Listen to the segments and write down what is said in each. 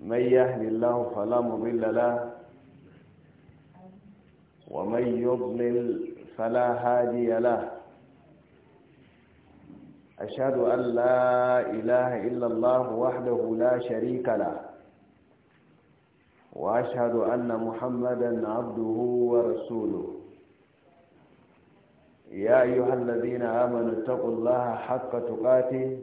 من يهد الله فلا مضل له ومن يضلل فلا هادي له أشهد أن لا إله إلا الله وحده لا شريك له وأشهد أن محمدا عبده ورسوله يا أيها الذين آمنوا اتقوا الله حق تقاته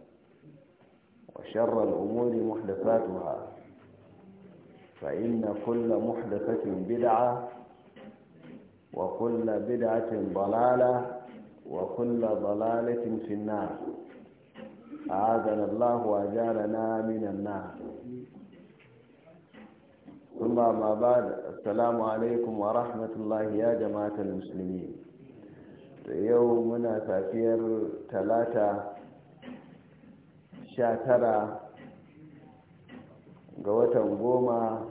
وشر الأمور محدثاتها فإن كل محدثة بدعة وكل بدعة ضلالة وكل ضلالة في النار أعاذنا الله وأجالنا من النار ثم ما بعد السلام عليكم ورحمة الله يا جماعة المسلمين يومنا سافير ثلاثة sha tara ga watan goma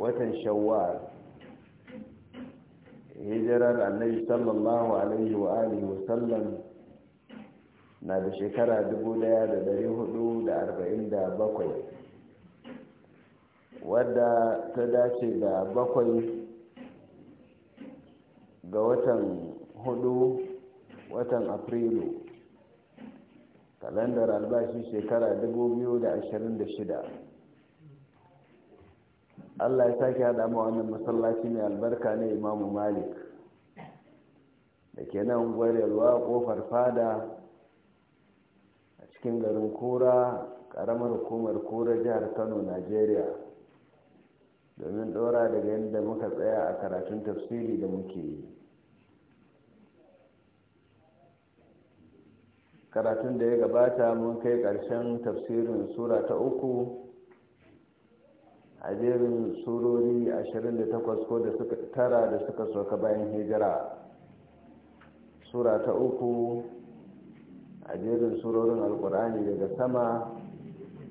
watan shawar hijirar annabi sallallahu alaihi wa alihi wasallam na da shekara bakwai, wadda ta dace da bakwai ga watan hudu watan afrilu kalandar albashi shekara 2026 allah ya sake haɗa ma wannan masallaci mai albarka na imamu malik da ke nan gwarelwa kofar fada a cikin garin kura ƙaramar hukumar kura jihar kano nigeria domin ɗora daga yadda muka tsaya a karatun tafsiri da muke yi karatun da ya gabata mun kai ƙarshen tafsirin sura ta uku a jerin surori 28 ko da suka tara da suka soka bayan hijira sura ta uku a jerin surorin alkur'ani daga sama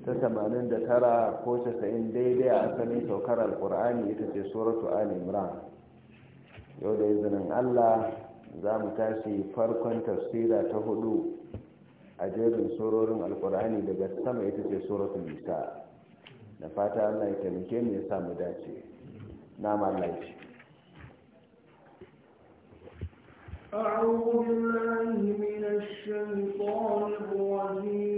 ta 89 ko 90 daidai a asalin saukar alkur'ani ita ce suratu al-imran yau da izinin allah za mu tashi farkon tafsira ta hudu a jerin sororin alkur'ani daga sama ita ce suratul nisa da fata Allah ya taimake mu ya samu dace na mallaki أعوذ بالله من الشيطان الرجيم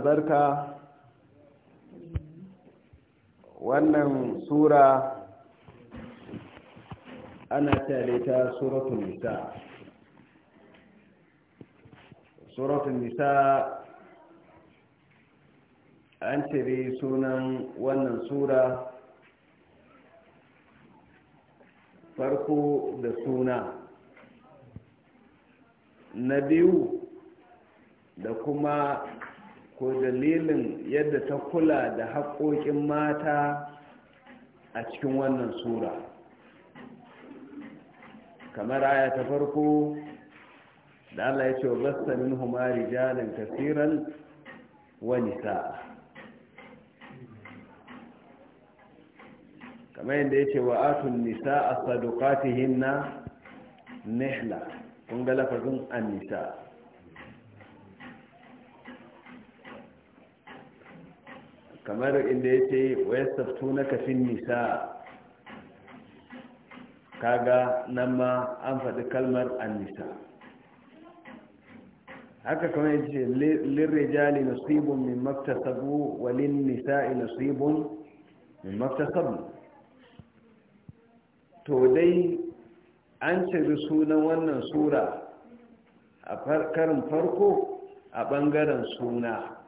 albarka wannan sura ana tare ta suratun nisa suratun nisa an cire sunan wannan sura farko da suna na biyu da kuma ko dalilin yadda ta kula da haƙoƙin mata a cikin wannan sura kamar aya ta farko da Allah ya ce wa basta min humari jalin kasiran wani sa'a kamar yadda ya ce wa atun nisa a sadukatihin na nihla kun ga lafazin an nisa kamar inda ya ce wayar saftu na kafin nisa kaga nan ma an faɗi kalmar anisa haka kamar yace lirrijali nasibun min maktasabu wa lin nisa'i nasibun min maktasabu to dai an ciri sunan wannan sura a karin farko a ɓangaren suna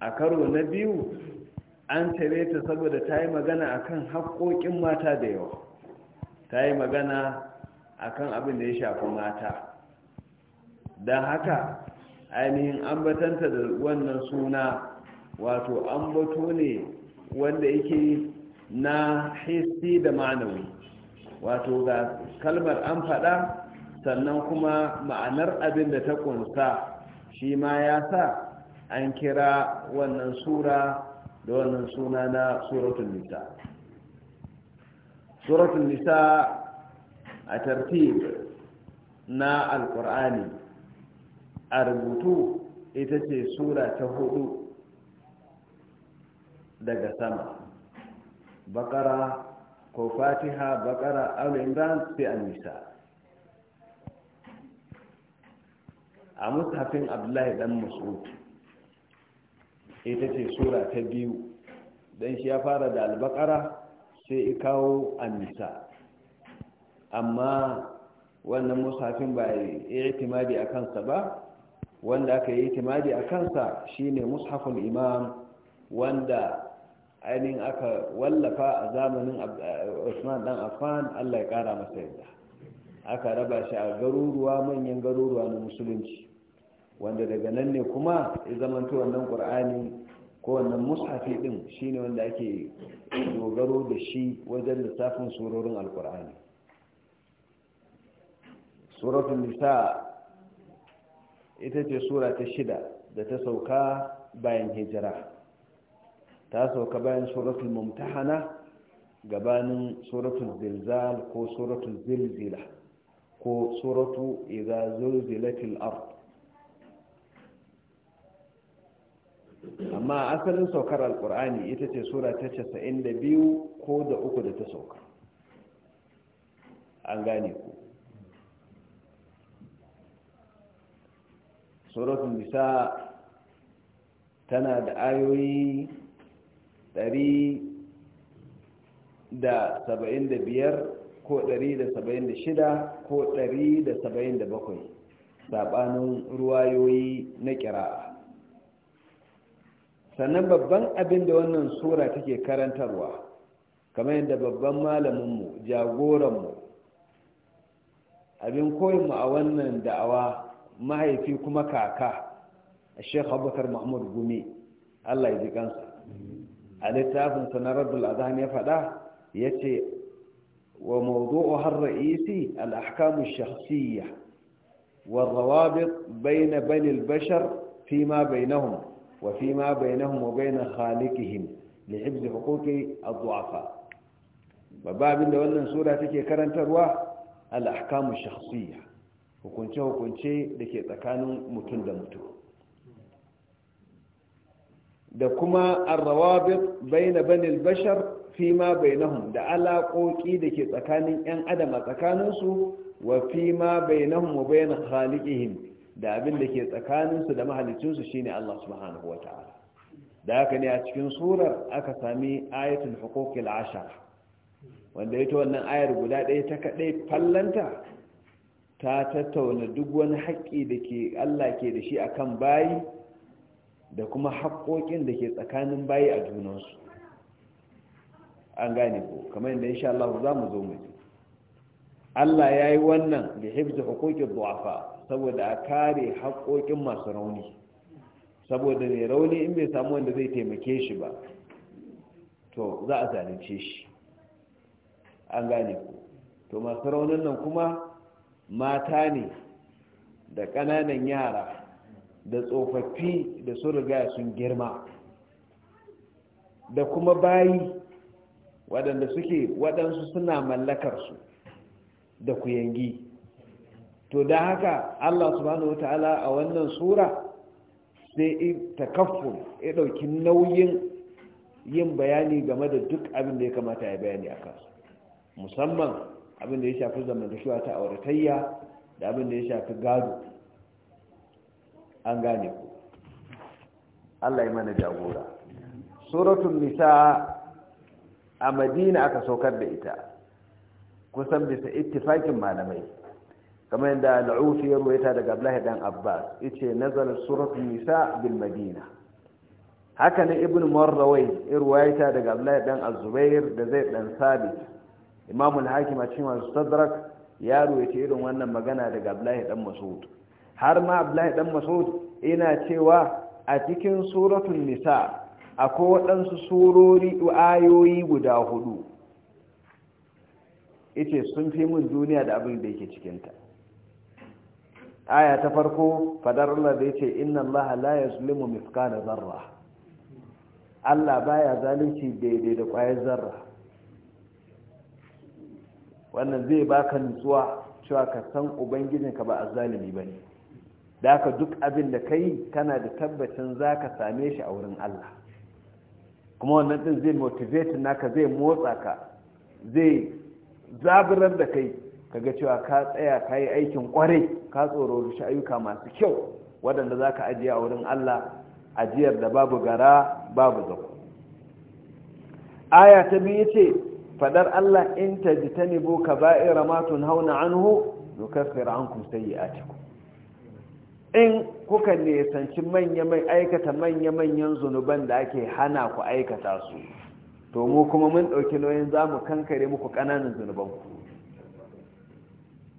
a karo na biyu an tare ta saboda ta yi magana akan haƙoƙin mata da yawa ta yi magana akan abin da ya shafi mata don haka ainihin ambatanta da wannan suna wato ambato ne wanda yake na hissi da manawi wato ga kalmar an faɗa sannan kuma ma'anar abin da ta ƙunsa, shi ma ya sa an kira wannan sura da wannan suna na suratun nisa suratun nisa a tartib na alkur'ani a rubutu ita ce sura ta hudu daga sama bakara ko fatiha bakara al-imran sai an-nisa a mushafin abdullahi dan mas'ud ita ce sura ta biyu don shi ya fara da albakara sai kawo annisa amma wannan musafin ba ya itimadi a kansa ba wanda aka yi itimadi a kansa shine mushaful imam wanda ainihin aka wallafa a zamanin usman dan afan allah ya kara masa yadda aka raba shi a garuruwa manyan garuruwa na musulunci wanda daga nan ne kuma ya zamanta wannan ƙur'ani ko wannan mushafi ɗin shine wanda ake dogaro da shi wajen lissafin surorin alƙur'ani suratun nisa ita ce sura ta shida da ta sauka bayan hijira ta sauka bayan suratul mumtahana gabanin suratul zilzal ko suratul zilzila ko suratu idza zilzilatil ard amma asalin saukar alkur'ani ita ce sura ta casa'in da biyu ko da uku da ta sauka an gane ku suratun bisa tana da ayoyi ɗari da saba'in da biyar ko ɗari da saba'in da shida ko ɗari da saba'in da bakwai saɓanin ruwayoyi na ƙira'a sannan babban abin da wannan sura take karantarwa kamar yadda babban malaminmu jagoranmu abin koyinmu a wannan da'awa mahaifi kuma kaka a shekha abubakar mahmud gumi allah ya ji kansa a littafin sanarar radul azhan ya fada ya ce wa mawdu'u har ra'isi al wa shakhsiyya والروابط bani بني fi ma بينهم وفيما بينهم وبين خالقهم لحفظ حقوق الضعفاء bababin da wannan sura take karantarwa al-ahkamu shakhsiyya hukunce hukunce dake tsakanin mutum da mutum da kuma ar-rawabit baina bani al-bashar fima bainahum da alaƙoƙi dake tsakanin yan adam a tsakaninsu wa fima bainahum wa bain khaliqihim da abin da ke tsakaninsu da mahalicinsu shine Allah subhanahu wa ta'ala da haka ne a cikin surar aka sami ayatul hukukil ashar wanda ita wannan ayar guda ɗaya ta kaɗai fallanta ta tattauna duk wani haƙƙi da ke Allah ke da shi akan bayi da kuma haƙƙoƙin da ke tsakanin bayi a junansu an gane ko kamar yadda insha Allah za mu zo mu Allah ya yi wannan da hifzi hukukin du'afa saboda a kare haƙoƙin masu rauni saboda mai rauni in bai samu wanda zai taimake shi ba to za a zalince shi an gane ku to masu raunin nan kuma mata ne da ƙananan yara da tsofaffi da sun riga sun girma da kuma bayi waɗanda suke waɗansu suna mallakarsu da kuyangi to da haka Allah subhanahu wa ta'ala a wannan sura sai takaffur ya ɗauki nauyin yin bayani game da duk abin da ya kamata ya bayani a kansu musamman abin da ya shafi zamantakewa ta auratayya da abin da ya shafi gado an gane ku Allah ya mana jagora suratul nisa a madina aka saukar da ita kusan bisa ittifakin malamai kamar yadda al'ufi ya ruwaita daga abdullahi dan abbas yace nazal surat nisa bil madina haka ne ibn marrawai ya ruwaita daga abdullahi dan azubair da zai dan sabit imam al-hakim a cikin mustadrak ya ruwaita irin wannan magana daga abdullahi dan mas'ud har ma abdullahi dan mas'ud ina cewa a cikin suratul nisa akwai waɗansu surori ayoyi guda hudu ita sun fi mun duniya da abin da yake cikinta aya ta farko fadar Allah da yace inna Allah la yuzlimu mithqala zarra Allah baya zalunci daidai da kwayar zarra wannan zai baka nutsuwa cewa ka san ka ba azzalimi bane da haka duk abin da kai kana da tabbacin zaka same shi a wurin Allah kuma wannan din zai motivate naka zai motsa ka zai zaburar da kai kaga cewa ka tsaya ka yi aikin kwarai ka tsoro shi ayyuka masu kyau waɗanda za ka ajiye a wurin Allah ajiyar da babu gara babu zaku aya ta biyu ce faɗar Allah in ta ji ta nebo ka ba'ira matun hauna anhu sai yi atiku. in kuka nisanci manya mai aikata manya-manyan zunuban da ake hana ku aikata su to mu kuma mun ɗauki nauyin za mu kankare muku ƙananan zunubanku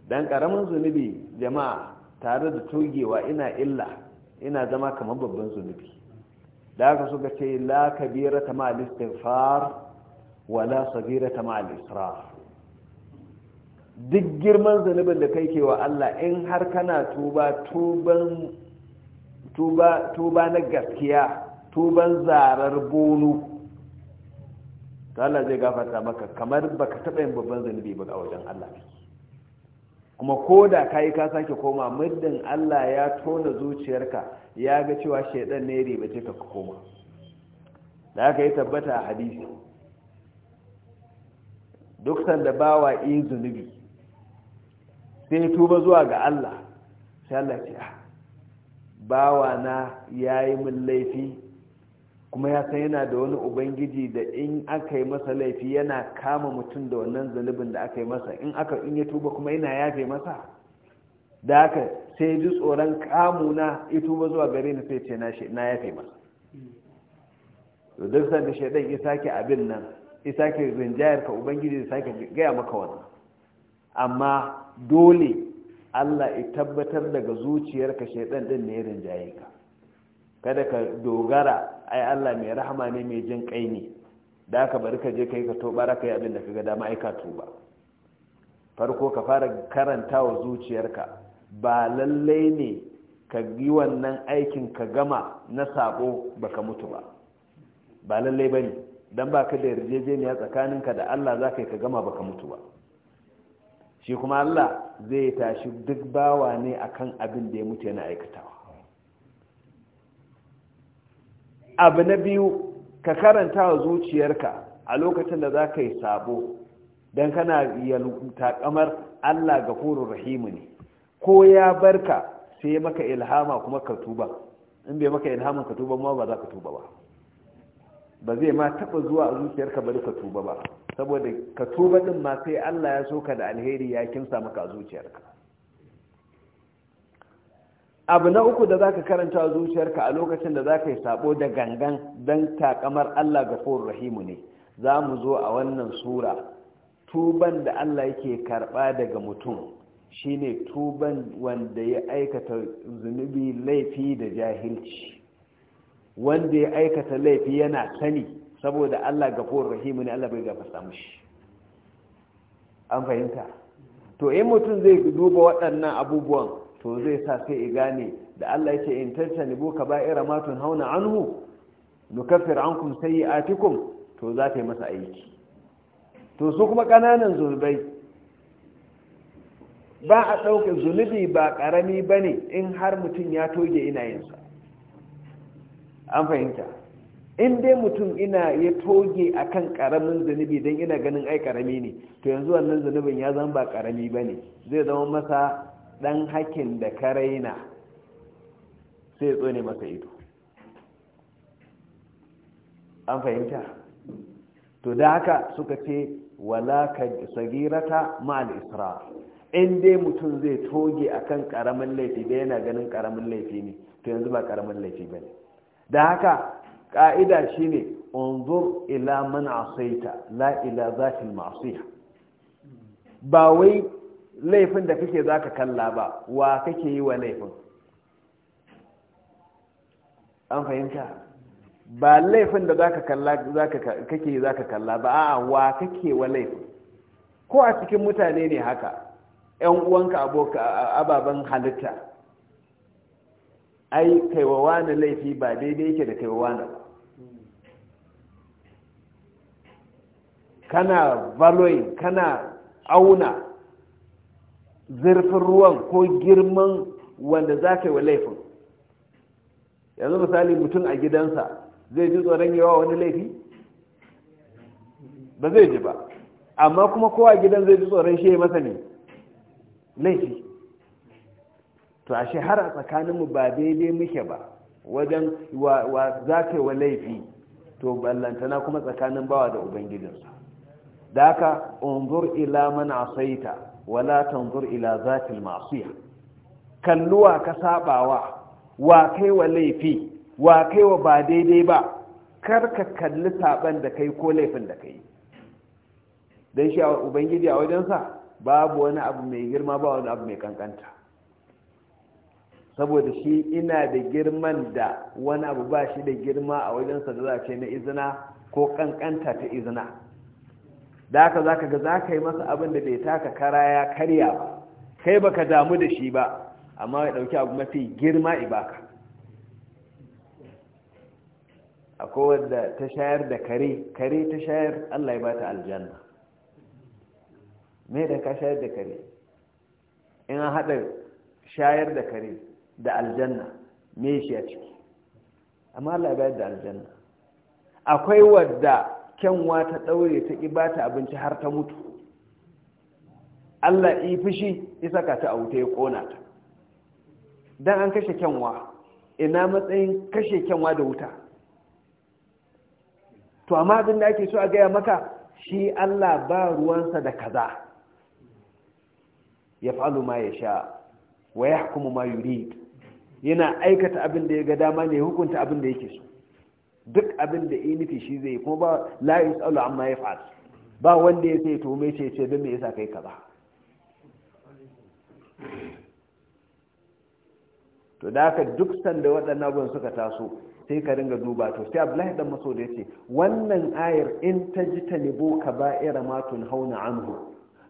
dan karamin zunubi jama'a tare da tugewa ina illa ina zama kamar babban zunubi da haka suka ce la kabira ta ma'al istighfar wa la sabira ta ma'al israr duk girman zunubin da kai kewa Allah in har kana tuba tuban tuba tuba na gaskiya tuban zarar bonu Allah zai gafarta maka kamar baka taɓa yin babban zunubi ba a wajen Allah kuma ko da ka yi ka sake koma muddin allah ya tona zuciyarka ya ga cewa shaidan ne riba ce ka koma da aka yi tabbata a hadisi duk sanda bawa yi zunubi sai tuba zuwa ga allah sai allah ah, bawa na ya yi min laifi kuma ya san yana da wani ubangiji da in aka yi masa laifi yana kama mutum da wannan zunubin da aka yi masa in aka in ya tuba kuma yana yafe masa da haka sai ji tsoron na ya tuba zuwa gare ni sai ce na yafe masa to duk da shaidan ya sake abin nan ya sake rinjayar ka ubangiji ya sake gaya maka wannan amma dole Allah ya tabbatar daga zuciyarka shaidan din ne ya rinjaye ka kada ka dogara ai Allah mai rahama ne mai jin kai ne da aka bari ka je kai ka toba raka yi abin da ka ga dama ba tuba farko ka fara karanta wa zuciyarka ba lallai ne ka yi wannan aikin ka gama na sabo baka mutu ba ba lallai bane dan baka da yarjejeniya tsakaninka da Allah zaka yi ka gama baka mutu ba shi kuma Allah zai tashi duk bawa ne akan abin da ya mutu yana aikata. abu na biyu ka karanta wa zuciyarka a lokacin da za ka yi sabo don kana kamar allah ga horon rahimu ne ko ya barka sai maka ilhama kuma ka tuba in bai maka ilhamin ka tuba ma ba za ka tuba ba ba zai ma taba zuwa a zuciyarka bari ka tuba ba saboda ka tuba din ma sai allah ya so ka da alheri ya kinsa maka a zuciyarka abu na uku da zaka karanta zuciyarka a lokacin da za ka yi sabo da gangan dan takamar Allah gafurur rahimu ne za mu zo a wannan sura tuban da Allah yake karɓa daga mutum shine tuban wanda ya aikata zunubi laifi da jahilci wanda ya aikata laifi yana sani saboda Allah gafurur rahimu ne Allah bai gafarta mishi an fahimta to in mutum zai duba waɗannan abubuwan to zai sa sai i gane da Allah yake in ba ira matun hauna anhu nukaffir ankum sayyi'atikum to za ta yi masa aiki to su kuma kananan zunubai ba a ɗauka zunubi ba ƙarami ba ne in har mutum ya toge ina sa an fahimta in dai mutum ina ya toge akan kan ƙaramin zunubi don ina ganin ai ƙarami ne to yanzu wannan zunubin ya zama ba ƙarami ba ne zai zama masa ɗan hakin da ka raina sai tsone masa ido an fahimta to da haka suka ce wala ka sagirata ma'al isra in dai mutum zai toge akan karamin laifi da yana ganin karamin laifi ne to yanzu ba karamin laifi ba ne da haka ƙa'ida shi ne unzur ila man asaita la ila zatil ma'asiya ba wai laifin da kake za ka kalla ba wa kake yi wa laifin an fahimta ba laifin da kake za ka kalla ba a wa kake wa laifin ko a cikin mutane ne haka 'yan uwanka ababen halitta ai kaiwa wani laifi ba daidai yake da kaiwa wani kana valoin kana auna zurfin ruwan ko girman wanda za ka yi wa laifin yanzu misali mutum a gidansa zai ji tsoron yawa wani laifi ba zai ji ba amma kuma kowa gidan zai ji tsoron shi ya masa ne laifi to a har a tsakaninmu ba daidai muke ba wajen wa za ka yi wa laifi to ballantana kuma tsakanin bawa da ubangijinsa da haka unzur ila man asaita wala tanzur ila zatil ma'siya kalluwa ka sabawa wa kai wa laifi wa kai wa ba daidai ba kar ka kalli saban da kai ko laifin da kai dan shi a ubangiji a wajensa babu wani abu mai girma ba wani abu mai kankanta saboda shi ina da girman da wani abu ba shi da girma a wajensa da za ce na izina ko kankanta ta izina da haka zaka ga ka yi masa abin da bai taka kara ya karya ba kai baka damu da shi ba amma ya dauki abu mafi girma ibaka akwai wanda ta shayar da kare kare ta shayar Allah ya ta aljanna me da ka shayar da kare in an hada shayar da kare da aljanna me shi a ciki amma Allah ya bayar da aljanna akwai wadda kyanwa ta ɗaure ta ƙiba ta abinci har ta mutu Allah yi fushi isa ka ta auta ya ƙona ta don an kashe kyanwa ina matsayin kashe kyanwa da wuta to amma abin da ake so a gaya maka shi Allah ba ruwansa da kaza ya fa'alu ma ya sha wa ya hukumu ma yuri yana aikata abin da ya ga dama ne hukunta abin da yake so duk abin da yi nufi shi zai kuma ba la yusalu amma fa'ad ba wanda ya sai tome ce ce don me yasa kai ka ba. to da aka duk sanda waɗannan abin suka taso sai ka ringa duba to sai abu dan maso da ya ce. wannan ayar in ta ta ji ka tajtanibu kaba'ira ma hauna anhu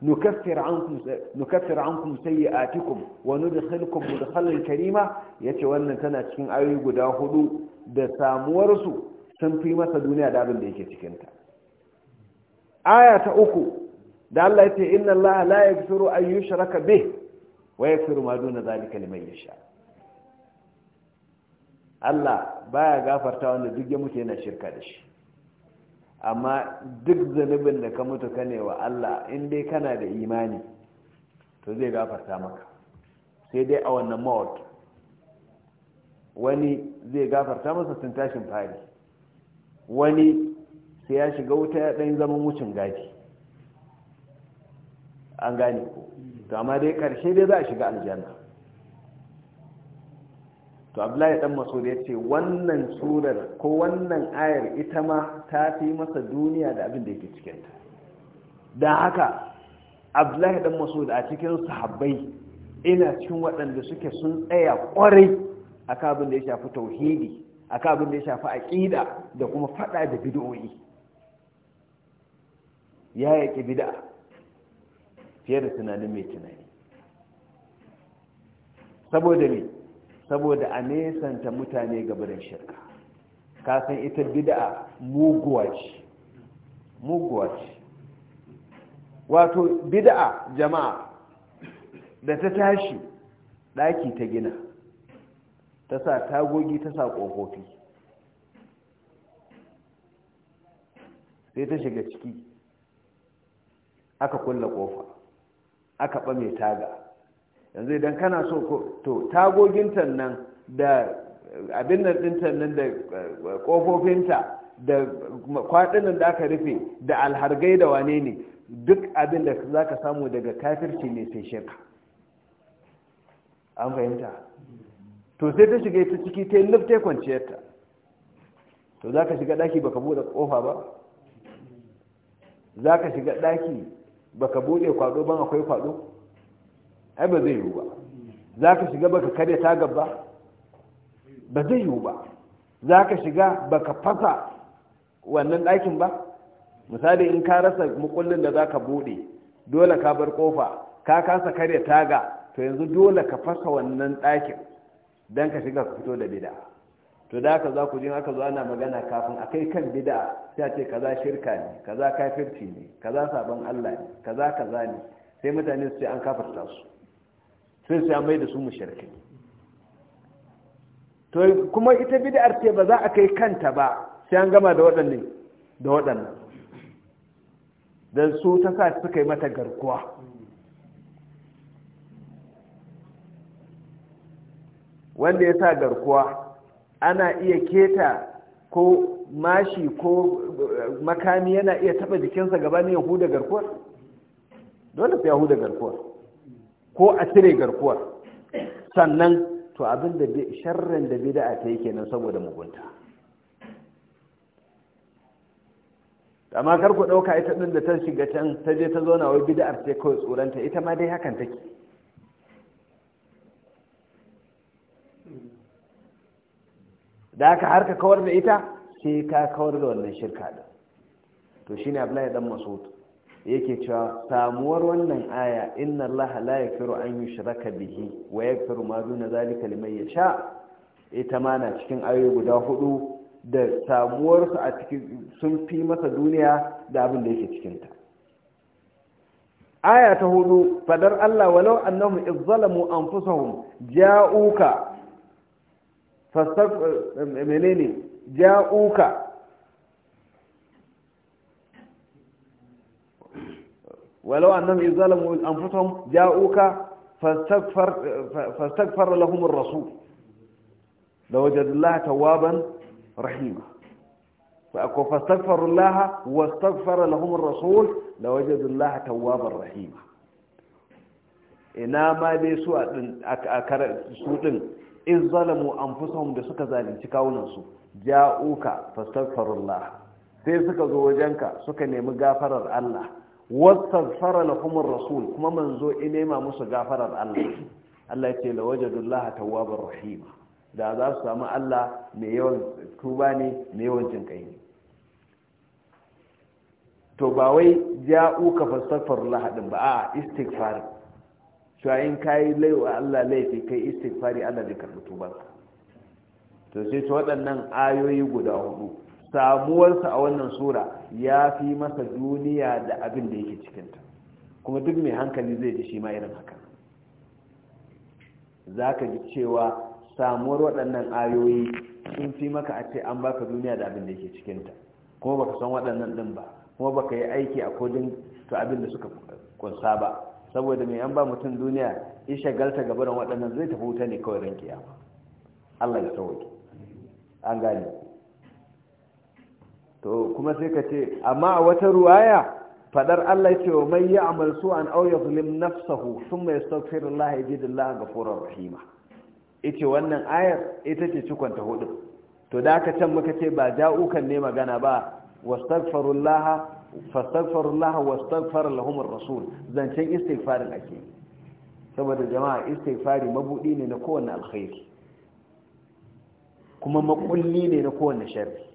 nukaffir ankum wani da sayi'atikum wa da mudkhalan karima Ya ce wannan tana cikin ayoyi guda hudu da samuwarsu sun fi masa duniya da abin da yake cikinta aya ta uku da Allah ya ce inna Allah la yaghfiru an yushraka bih wa yaghfiru ma duna zalika liman yasha Allah baya gafarta wanda duk ya mutu yana shirka da shi amma duk zanubin da ka mutu kane wa Allah in dai kana da imani to zai gafarta maka sai dai a wannan mawatu wani zai gafarta masa sun tashin fari wani sai ya shiga wuta ya ɗan zaman wucin gaji an gane ko to amma dai ƙarshe dai za a shiga aljanna to abdullahi dan masud ya ce wannan surar ko wannan ayar ita ma ta fi masa duniya da abin da yake cikinta don haka abdullahi dan masud a cikin sahabbai ina cikin waɗanda suke sun tsaya kwarai. Aka abin da ya shafi tauhidi aka abin da ya shafi aƙida, da kuma fada da bid'o'i ya yaki bid'a fiye da tunanin mai tunani saboda ne saboda a nesanta mutane gabanin shirka kasan ita bid'a muguwa ce muguwa ce wato bid'a jama'a da ta tashi ɗaki ta gina ta sa tagogi ta sa ƙofofi sai ta shiga ciki aka kulla ƙofa aka ɓame taga yanzu idan kana so to tagoginta nan da abin ɗinta nan da eh, ƙofofinta da kwaɗinan da aka rufe da alhargai da wane ne duk abin da za ka samu daga kafirci ne sai shirka an fahimta to sai ta shiga ta ciki ta yi lifta kwanciyarta to za ka shiga daki baka bude kofa ba za ka shiga daki baka bude kwado ban akwai kwado ai ba zai yiwu ba za ka shiga baka karya tagar ba ba zai yiwu ba za ka shiga baka fasa wannan dakin ba misali in ka rasa mukullin da za ka bude dole ka bar kofa ka kasa karya taga to yanzu dole ka fasa wannan dakin. don ka shiga ka fito da bida to da ka za ku jin aka zo ana magana kafin a kai kan bida sai ce kaza shirka ne kaza kafirci ne kaza sabon Allah ne kaza kaza ne sai mutane su ce an kafarta su sai su mai da su shirki to kuma ita bida'ar ce ba za a kai kanta ba sai an gama da waɗannan da dan su ta sa suka yi mata garkuwa wanda ya sa garkuwa ana iya keta ko mashi ko eh, makami yana iya taba jikinsa gabanin yahuda garkuwar dole sai yahuda garkuwar ko a cire garkuwar sannan to abin da sharrin da da ta yi kenan saboda mugunta amma kar ku ɗauka ita ɗin da ta shiga can ta je ta zauna wai bid'ar ce kawai tsoranta ita ma dai hakan take da aka har ka kawar da ita sai ka kawar da wannan shirka da to shine Abdullahi dan Mas'ud yake cewa samuwar wannan aya inna allaha la yaghfiru an yushraka bihi wa yaghfiru ma duna zalika liman yasha ita ma na cikin ayoyi guda hudu da samuwar su a cikin sun fi masa duniya da abin da yake cikin ta aya ta hudu fadar Allah walau annahum izzalamu anfusahum ja'uka فاستف منيني جاءوك ولو أنهم إذ ظلموا أنفسهم جاءوك فاستغفر, فاستغفر لهم الرسول لوجد الله توابا رحيما فاستغفر الله واستغفر لهم الرسول لوجد الله توابا رحيما ina ma dai su a su in zalamu anfusahum da suka zalunci kawunansu ja'uka fastaghfirullah sai suka zo wajenka suka nemi gafarar Allah wastaghfara lahum ar-rasul kuma manzo in nema musu gafarar Allah Allah yake la wajadullah tawwabar rahim da za su samu Allah mai yawan tuba ne mai yawan jin to ba wai ja'uka fastaghfirullah din ba a istighfar cewa in ka yi laiwa Allah laifi kai istighfari Allah zai karɓi tubarka to sai ta waɗannan ayoyi guda hudu samuwarsa a wannan sura ya fi masa duniya da abin da yake cikinta kuma duk mai hankali zai ji shi ma irin haka za ka ji cewa samuwar waɗannan ayoyi sun fi maka a an baka duniya da abin da yake cikinta kuma baka san waɗannan ɗin ba kuma baka yi aiki a kodin to abin da suka kunsa ba saboda mai an ba mutum duniya in shagalta gaba da waɗannan zai tafi wuta ne kawai ran kiyama Allah ya sauke an gane to kuma sai ka ce amma a wata ruwaya fadar Allah ce wa mai su an auya zulim nafsahu jidin Allah, ga furar rahima ita wannan ayar ita ce cikonta hudu to da aka can muka ce ba ja'ukan ne magana ba wastaghfirullah wa wastaghfar lahum ar-rasul zancen istighfarin ake saboda jama'a istighfari mabudi ne na kowanne alkhairi kuma makulli ne na kowanne sharri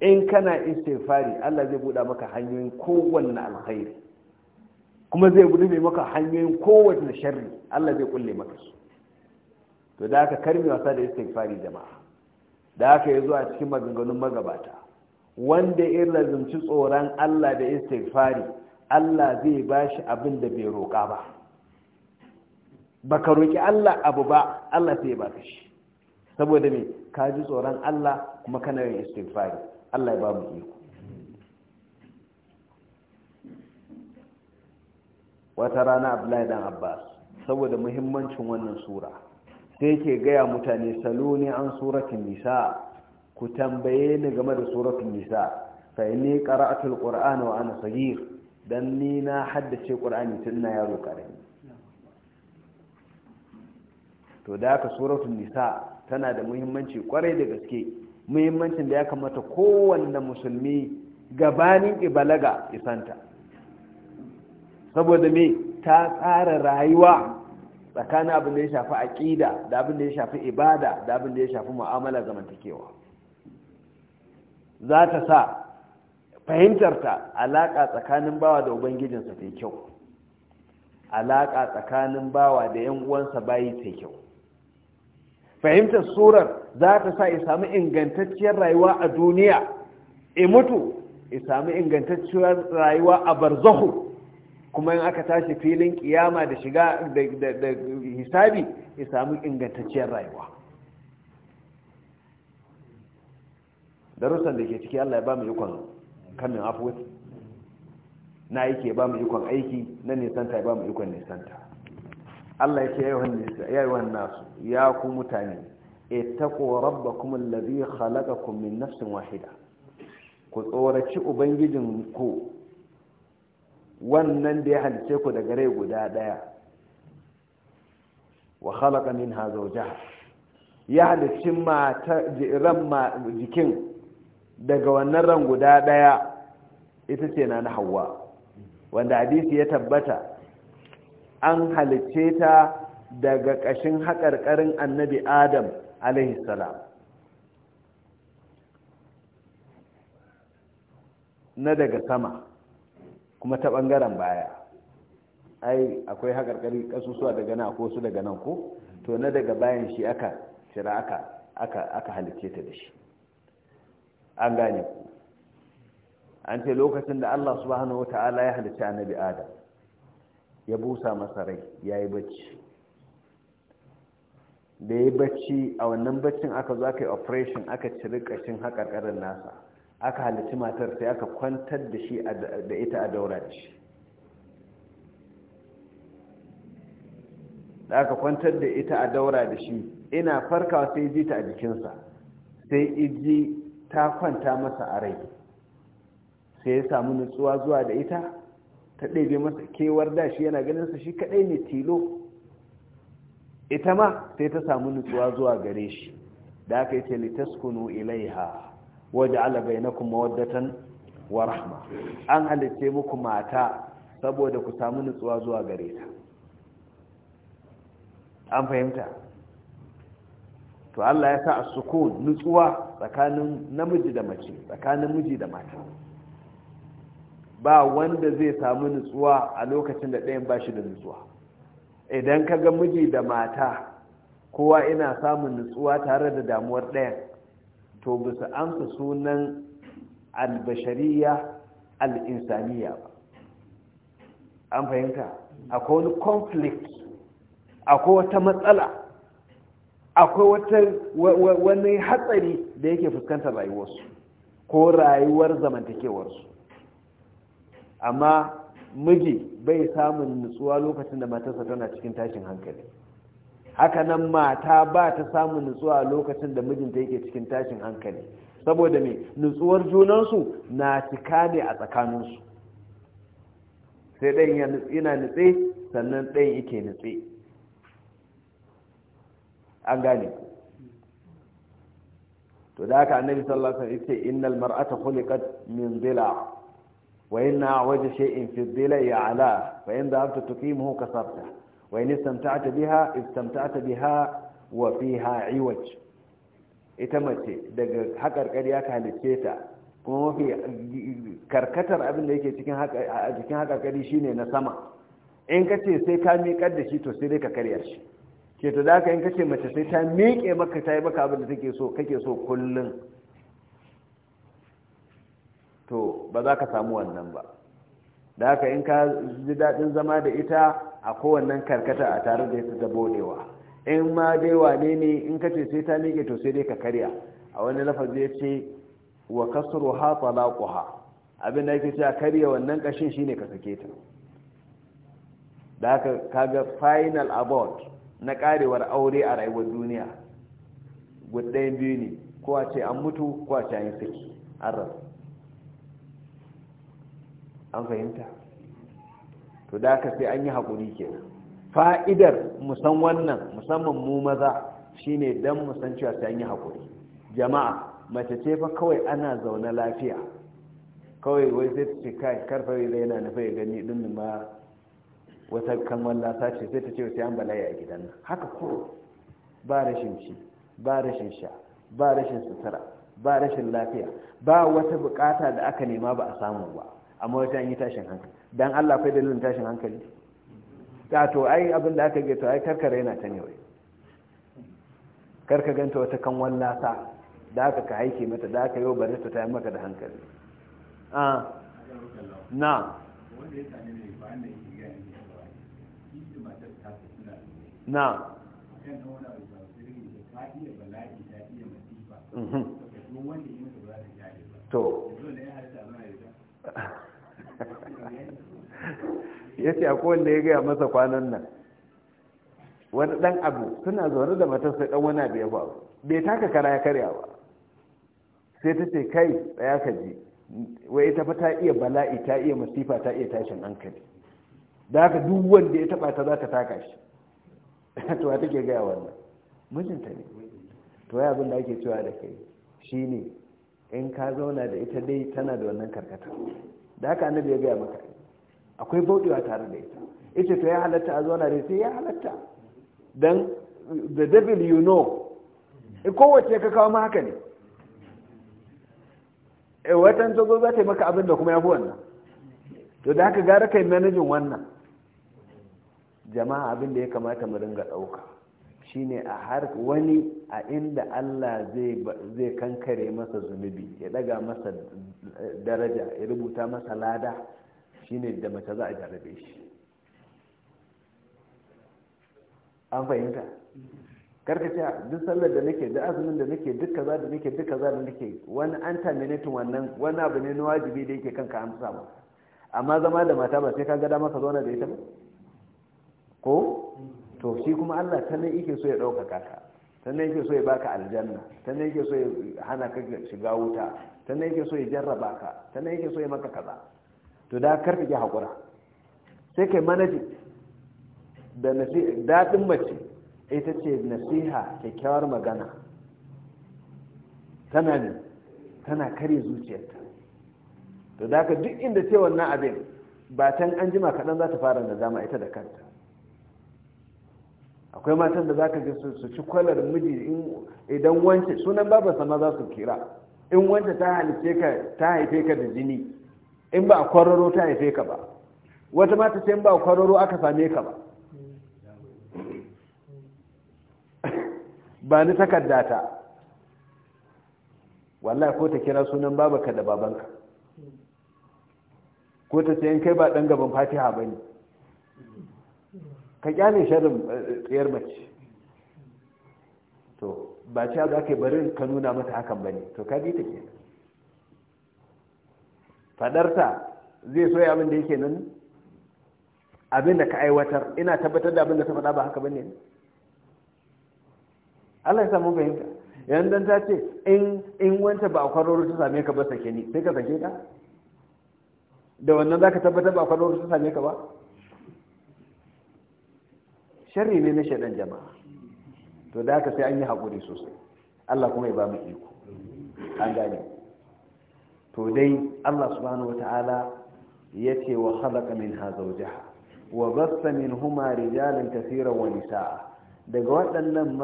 in kana istighfari Allah zai buda maka hanyoyin kowanne alkhairi kuma zai buɗe maka hanyoyin kowanne sharri Allah zai kulle maka su to da aka karmi wasa da istighfari jama'a da aka yi zuwa cikin maganganun magabata wanda ya lazumci tsoron Allah da istighfari Allah zai bashi abin da bai roƙa ba baka roƙi Allah abu ba Allah sai ya baka shi saboda me ka ji tsoron Allah kuma kana yin istighfari Allah ya ba mu iko wata rana Abdullahi dan Abbas saboda muhimmancin wannan sura sai yake gaya mutane saluni an suratin nisa ku tambaye ni game da suratun nisa fa inni qara'atul qur'ana wa ana saghir dan ni na haddace qur'ani tun na yaro karami to da ka suratul nisa tana da muhimmanci kwarai da gaske muhimmancin da ya kamata kowanne musulmi gabanin ibalaga isanta saboda me ta tsara rayuwa tsakanin abin da ya shafi aƙida da abin da ya shafi ibada da abin da ya shafi mu'amala zamantakewa za ta sa ta alaƙa tsakanin bawa da ubangijinsa ta kyau alaƙa tsakanin bawa da yan uwansa bayi ta kyau fahimtar surar za ta sa ya samu ingantacciyar rayuwa a duniya e mutu ya samu ingantacciyar rayuwa a barzahu kuma in aka tashi filin kiyama da shiga da hisabi ya samu ingantacciyar rayuwa darussan da ke ciki Allah ya ba mu ikon kamin afuwat na yake ba mu ikon aiki na nisanta ya ba mu ikon nisanta Allah ya ce ya yi wani nasu ya ku mutane e tako rabba kuma lalazi halaka kummin nafsin wahida ku tsoraci ubangijin ku wannan da ya halice ku daga rai guda daya wa halaka min hazo ya halicci ran jikin daga wannan ran guda ɗaya, ita ce na hawa wanda hadisi ya tabbata an halice ta daga ƙashin haƙarƙarin annabi adam salam na daga sama kuma ta ɓangaren baya ai akwai haƙarƙari ƙasusuwa daga nan ko su daga nan ko to na daga bayan shi aka shira aka aka ta da shi an gane an ce lokacin da Allah subhanahu wata'ala ya halicci annabi Adam ya busa masa rai yayi bacci da ya bacci a wannan baccin aka zo aka yi operation aka cire kashin haƙarƙarin nasa aka halicci matar sai aka kwantar da shi da ita a daura da shi da aka kwantar da ita a daura da shi ina farkawa sai ji ta a jikinsa sai iji ta kwanta masa a rai sai ya samu nutsuwa zuwa da ita ta ɗebe masa kewar dashi yana ganinsa shi kaɗai ne tilo ita ma sai ta samu nutsuwa zuwa gare shi da aka yi ce litaskunu ilaiha waje ala na kuma waddatan wa rahma an halitta muku mata saboda ku samu nutsuwa zuwa gare ta an fahimta to Allah ya sa a sukun nutsuwa tsakanin namiji da mace tsakanin miji da mata ba wanda zai samu nutsuwa a lokacin da ɗayan bashi da nutsuwa idan ka ga miji da mata kowa ina samun nutsuwa tare da damuwar ɗayan to ba su amsa sunan albashariya al'insaniya ba an fahimta akwai wani conflict akwai wata matsala akwai wata wani hatsari da yake fuskantar rayuwarsu ko rayuwar zamantakewarsu amma miji bai samun nutsuwa lokacin da matarsa tana cikin tashin hankali nan mata ba ta samun nutsuwa lokacin da mijinta yake cikin tashin hankali saboda mai nutsuwar junansu na cika ne a tsakaninsu sai ɗan yana nutse sannan ɗan yake nutse an gane to da haka annabi sallallahu alaihi wasallam yace innal mar'ata khuliqat min dhila wa inna wajha shay'in fi dhila ya'la fa in dhahabta tuqimuhu kasarta wa in istamta'ta biha istamta'ta biha wa fiha 'iwaj ita mace daga hakarkari ya halice ta kuma mafi karkatar abin da yake cikin a jikin hakarkari shine na sama in ka ce sai ka miƙar da shi to sai dai ka karyar shi ke ta da in kace mace sai ta miƙe maka ta yi maka abin da take so kake so kullum to ba za ka samu wannan ba da haka in ka ji daɗin zama da ita a kowannen karkata a tare da ita da bodewa in ma dai wane ne in kace sai ta miƙe to sai dai ka karya a wani lafazi ya ce wa kasru ha talaquha abin da yake cewa karya wannan kashin shine ka sake ta da haka kaga final abort na karewar aure a rayuwar duniya guddayen biyu ne kowa a ce an mutu kowa a ce an yi saki an rasu an fahimta to da aka sai an yi haƙuri ke fa'idar musan wannan musamman mu maza shi ne don musan cewa sai an yi haƙuri jama'a mace ce fa kawai ana zaune lafiya kawai wai zai ce kai karfa zai yana nufai ya gani din ma wata kalmar lasa ce sai ta ce sai an bala'i a gidan nan haka kuro ba rashin ci ba rashin sha ba rashin sutura ba rashin lafiya ba wata bukata da aka nema ba a samu ba amma wata an yi tashin hankali dan Allah kai dalilin tashin hankali ta to ai abin da aka gaita, ai karkare yana ta ne wai karka ganta wata kanwan lasa da aka ka haike mata da aka yi bari ta yi maka da hankali a ah, na wanda ya ne ba ne na mhm. to ya ce akwai wanda ya gaya masa kwanan nan wani dan abu suna zaune da matarsa dan wani abu ya faru bai taka kara ya karya ba sai ta ce kai tsaya ka ji wai ita fa ta iya bala'i ta iya masifa ta iya tashin hankali da haka duk wanda ya taba ta za ta taka shi to ta ke gaya wannan mijinta ne to ya abin da ake cewa da kai shi ne in ka zauna da ita dai tana da wannan karkata da haka annabi ya gaya maka akwai bauɗewa tare da ita ita to ya halatta a zauna da sai ya halatta don the devil you know e, kowace ka kawo ma haka ne e, watan zo za ta yi maka abin da kuma ya fi wannan to da haka gara kai manajin wannan jama'a abin da ya kamata mu ringa ɗauka shine a har wani a inda allah zai kankare masa zunubi ya ɗaga masa daraja ya rubuta masa lada shine da mace za a jarabe shi an fahimta karka ce ah, duk sallar da nake da azumin da nake duk kaza da nake duk kaza da nake wani an terminate wannan wani abu ne na wajibi da yake kanka amsa ba amma zama da mata ba sai ka ga dama ka zauna da ita ba ko to shi kuma Allah ta ne yake so ya ɗaukaka ka ta ne yake so ya baka aljanna ta ne yake so ya hana ka shiga wuta ta ne yake so ya jarraba ka ta ne yake so ya maka kaza to da kar ki hakura sai kai manaji da da dadin mace ita ce nasiha kyakkyawar magana tana ne tana kare zuciyarta to da duk inda ce wannan abin ba can an jima kaɗan za ta fara da zama ita da kanta akwai matan da zaka ji su ci kwalar miji idan wance sunan babarsa sama za su kira in wance ta halice ka ta haife ka da jini in ba a kwararo ta haife ka ba wata mata ce in ba a kwararo aka same ka ba ba ni takarda ta wallahi ko ta kira sunan ka da babanka ko ta ce in kai ba dan gaban fatiha ne. ka kyale sharin eh, tsayar mace to ba ce za ka yi barin ka nuna mata hakan ba ne to ka bi ta ke fadarta zai soya abin da yake nan abin da ka aiwatar ina tabbatar da abin da ta faɗa ba haka ba ne Allah ya samu fahimta yan dan ta ce in in wanta ba kwararru ta same ka ba sake ni sai ka sake ka? da wannan za ka tabbatar ba kwararru ta same ka ba sharri ne na shaɗan jama'a to da aka sai an yi haƙuri sosai Allah kuma ya ba mu iko an gane to dai Allah subhanahu wata'ala ya ce wa khalaqa min zawjaha wa bassa minhuma rijalan kaseeran wa nisaa daga waɗannan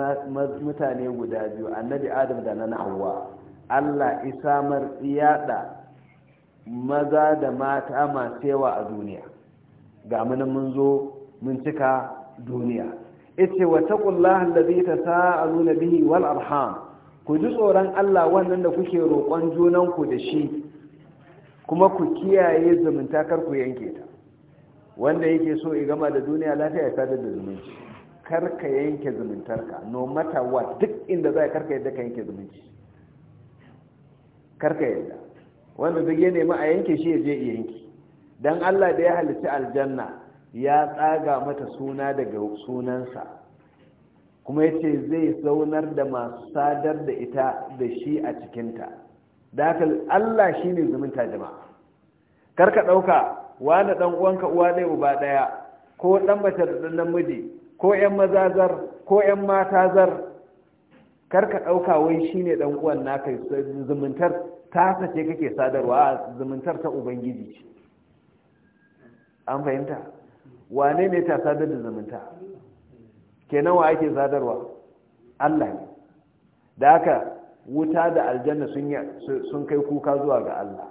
mutane guda biyu annabi Adam da na hawa Allah isamar yada maza da mata masu yawa a duniya ga mun mun zo mun cika duniya yace wa taqullaha allazi tasaaluna bihi wal arham ku ji tsoron Allah wannan da kuke roƙon junan ku da shi kuma ku kiyaye zumunta kar ku yanke ta wanda yake so ya gama da duniya lafiya ya sadar da zumunci kar ka yanke zumuntarka no matter what duk inda za kar ka yadda ka yanke zumunci kar ka yadda wanda duk ya nemi a yanke shi ya je yanke dan Allah da ya halitta aljanna ya tsaga mata suna daga sunansa kuma yace zai zaunar da masu sadar da ita da shi a cikinta da haka Allah shine zumunta jama'a karka ɗauka wani ɗan uwanka uwa ɗaya uba ɗaya ko ɗan mace da ɗan namiji ko ƴan mazazar ko mata matazar karka ɗauka wai shine ɗan uwan naka zumuntar ta sace kake sadarwa zumuntar ta ubangiji ce an fahimta wane ne ta sadar da zumunta Ke nawa ake sadarwa Allah ne da haka wuta da aljanna sun kai kuka zuwa ga Allah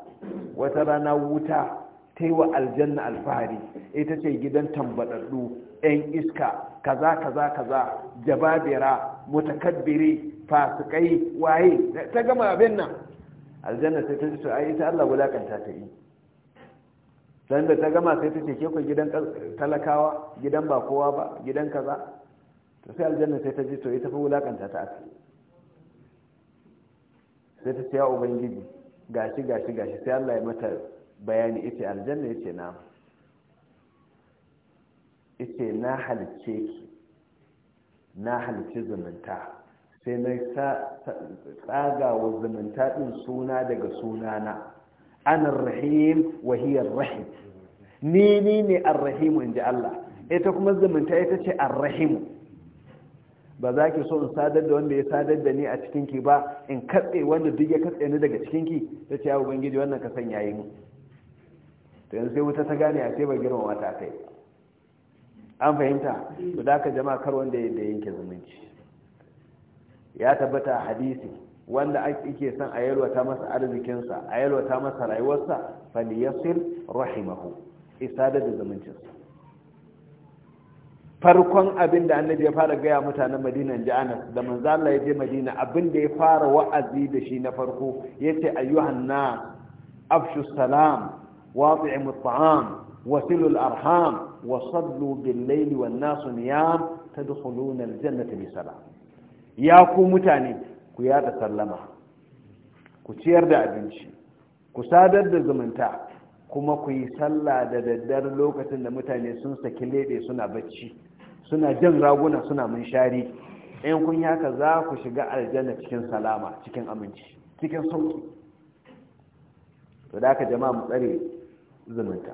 wata rana wuta ta yi wa aljanna alfahari ita ce gidan tambaɗaɗɗu 'yan iska kaza kaza kaza jababira mutakabbiri fasikai waye ta gama abin nan aljanna sai ta ce ai ita Allah wulakanta ta yi dan da ta gama sai ta ce ke ku gidan talakawa gidan ba kowa ba gidan kaza Ta sai aljanna sai ta ji to ita fa wulakanta ta aka sai ta ce ya ubangiji gashi gashi gashi sai Allah ya mata bayani ita aljanna yace na ita na halice ki na halice zumunta sai na tsaga wa zumunta din suna daga sunana ana rahim wa hiyar rahim ni ni ne in inji Allah ita kuma zumunta ita ce arrahim ba za ki so in sadar da wanda ya sadar da ni a cikinki ba in katse wanda duk ya katse ni daga cikinki ta ce yawon ubangiji wannan ka sanya yi mu to yanzu sai wuta ta gane a sai ba girma mata kai an fahimta to da ka jama'a kar wanda ya yanke zumunci ya tabbata hadisi wanda ake son a yalwata masa arzikinsa a yalwata masa rayuwarsa faliyasir rahimahu isa da zumuncinsa farkon abin da annabi ya fara gaya mutanen madina ji anas da manzala ya je madina abin da ya fara wa'azi da shi na farko yace ayyuhan na afshu salam wasu at'am wasu arham wa sallu bil-layli wan nas niyam tadkhuluna ya ku mutane ku yada sallama ku ciyar da abinci ku sadar da zumunta kuma ku yi sallah da daddare lokacin da mutane sun saki lebe suna bacci suna jan raguna suna munshari in kun haka za ku shiga aljanna cikin salama cikin aminci cikin sauki to da aka jama'a mu tsare zumunta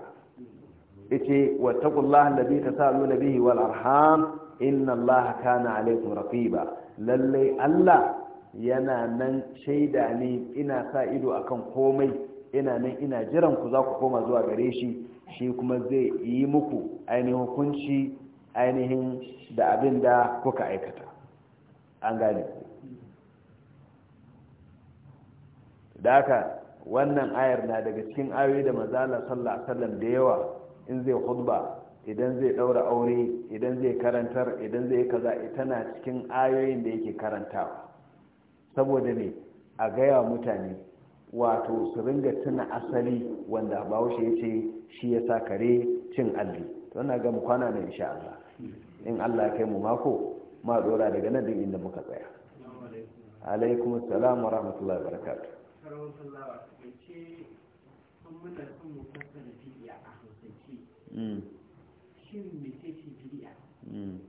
ita wattaqullaha allazi tasaluna bihi wal arham inna allaha kana alaykum raqiba lalle allah yana nan shaida ne ina sa ido akan komai ina nan ina jiran ku za ku koma zuwa gare shi shi kuma zai yi muku ainihin hukunci ainihin da abin da kuka aikata an gane da haka wannan ayar na daga cikin ayoyi da mazala sallallahu alaihi wasallam da yawa in zai khutba idan zai daura aure idan zai karantar idan zai kaza tana cikin ayoyin da yake karantawa saboda ne a gaya mutane wato su ringa tuna asali wanda bahaushe ya ce shi ya sa kare cin alli to na ga mu kwana na insha Allah in Allah ya kai mu mako ma dora daga nan din inda muka tsaya alaikum assalam wa rahmatullahi wa barakatuh hmm. shin mece ce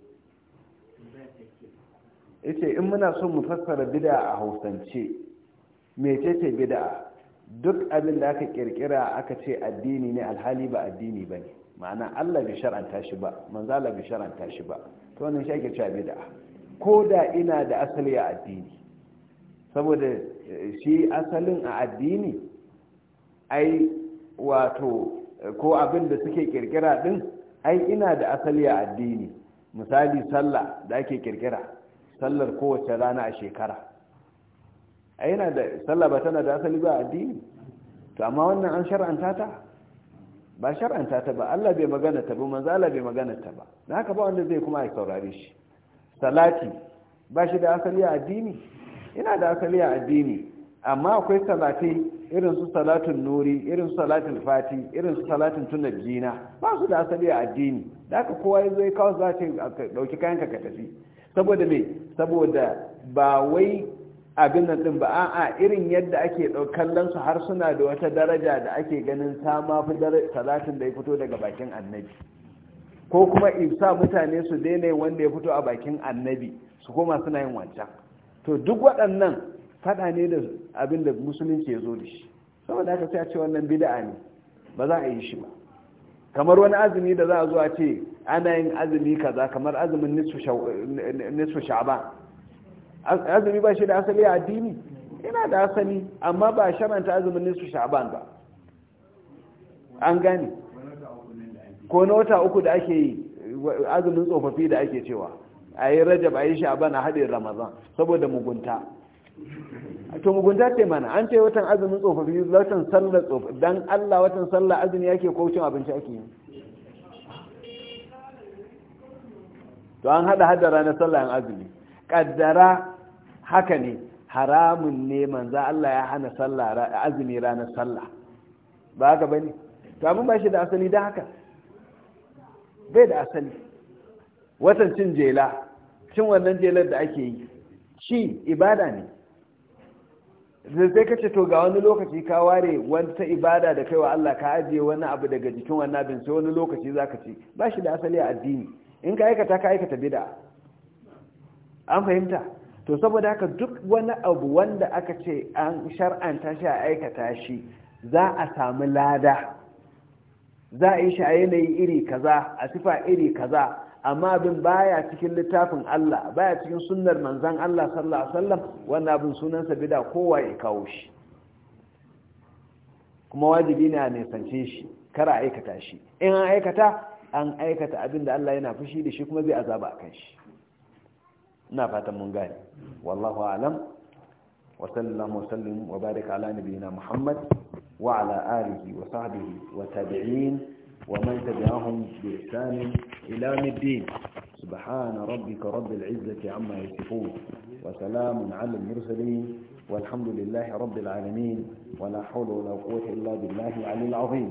yace in muna so mu fassara bid'a a hausance mecece bid'a duk abin da aka kirkira aka ce addini ne alhali ba addini bane ma'ana Allah bai shar'anta shi ba manzo Allah bai shar'anta shi ba to wannan shi ake cewa bid'a ko da ina da asali a addini saboda eh, shi asalin a addini ai wato ko abin da suke kirkira din ai ina da asali a addini misali sallah da ake kirkira sallar kowace rana a shekara a yana da sallar ba tana da asali ba addini to amma wannan an shar'anta ta ba shar'anta ta ba Allah bai magana ta ba manzo Allah bai magana ta ba dan haka ba wanda zai kuma ya saurare shi salati ba shi da asali a addini ina da asali a addini amma akwai salati irin su salatin nuri irin su salatin fati irin su salatin jina ba su da asali a addini da haka kowa ya zo ya kawo za ta ɗauki kayanka ka tafi saboda me saboda ba wai abin nan din ba a'a irin yadda ake kallon su har suna da wata daraja da ake ganin sama ma fi salatin da ya fito daga bakin annabi ko kuma sa mutane su daina wanda ya fito a bakin annabi su koma suna yin wancan to duk waɗannan faɗa ne da abin da musulunci ya zo da shi saboda aka sai a ce wannan bida'a ne ba za a yi shi ba kamar wani azumi da za a zo a ce ana yin azumi kaza kamar azumin nisfu sha'ban azumi ba shi da asali a addini Ina da asali amma ba sharanta azumin nisfu sha'ban ba an gane ko na wata uku da ake yi azumin tsofaffi da ake cewa a yi rajab a yi sha'ban a haɗe ramazan saboda mugunta to mugunta ce mana an ce watan azumin tsofaffi watan sallar tsofaffi don allah watan sallar azumi yake ko cin abinci ake yi to an hada hada ranar sallah an azumi kaddara haka ne haramun ne manzo Allah ya hana sallah azumi ranar sallah ba haka bane to amma ba shi da asali da haka bai da asali watan cin jela cin wannan jelar da ake yi shi ibada ne sai ka ce to ga wani lokaci ka ware wata ibada da kaiwa Allah ka ajiye wani abu daga jikin wannan abin sai wani lokaci zaka ci ba shi da asali a addini in ka aikata ka aikata bid'a an fahimta to saboda haka duk wani abu wanda aka ce an shar'anta shi a aikata shi za a samu lada za a yi shi a yanayi iri kaza a sifa iri kaza amma abin baya cikin littafin Allah baya cikin sunnar manzan Allah sallallahu alaihi wasallam wannan abin sunansa bid'a kowa ya kawo shi kuma wajibi ne a nisance shi kar a aikata shi in an aikata an aikata abin da Allah yana fushi da shi kuma zai azaba kan shi ina fatan mun gane wallahu alam wa sallallahu wa baraka ala nabiyina muhammad wa ala alihi wa sahbihi wa tabi'in wa man tabi'ahum bi ihsan ila yawmiddin subhana rabbika rabbil izzati amma yasifun wa salamun ala mursalin والحمد لله رب العالمين ولا حول ولا قوة إلا بالله العظيم